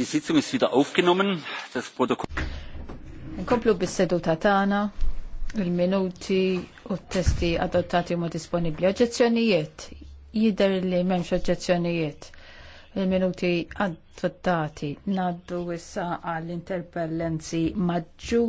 Nkomplu bis-seduta tagħna. Il-minuti u t-testi adottati huma disponibbli. Oġġezzjonijiet. Jidher li m'hemmx oġġezzjonijiet. Il-minuti adottati ngħaddu issa għall-interpellenzi maġġur.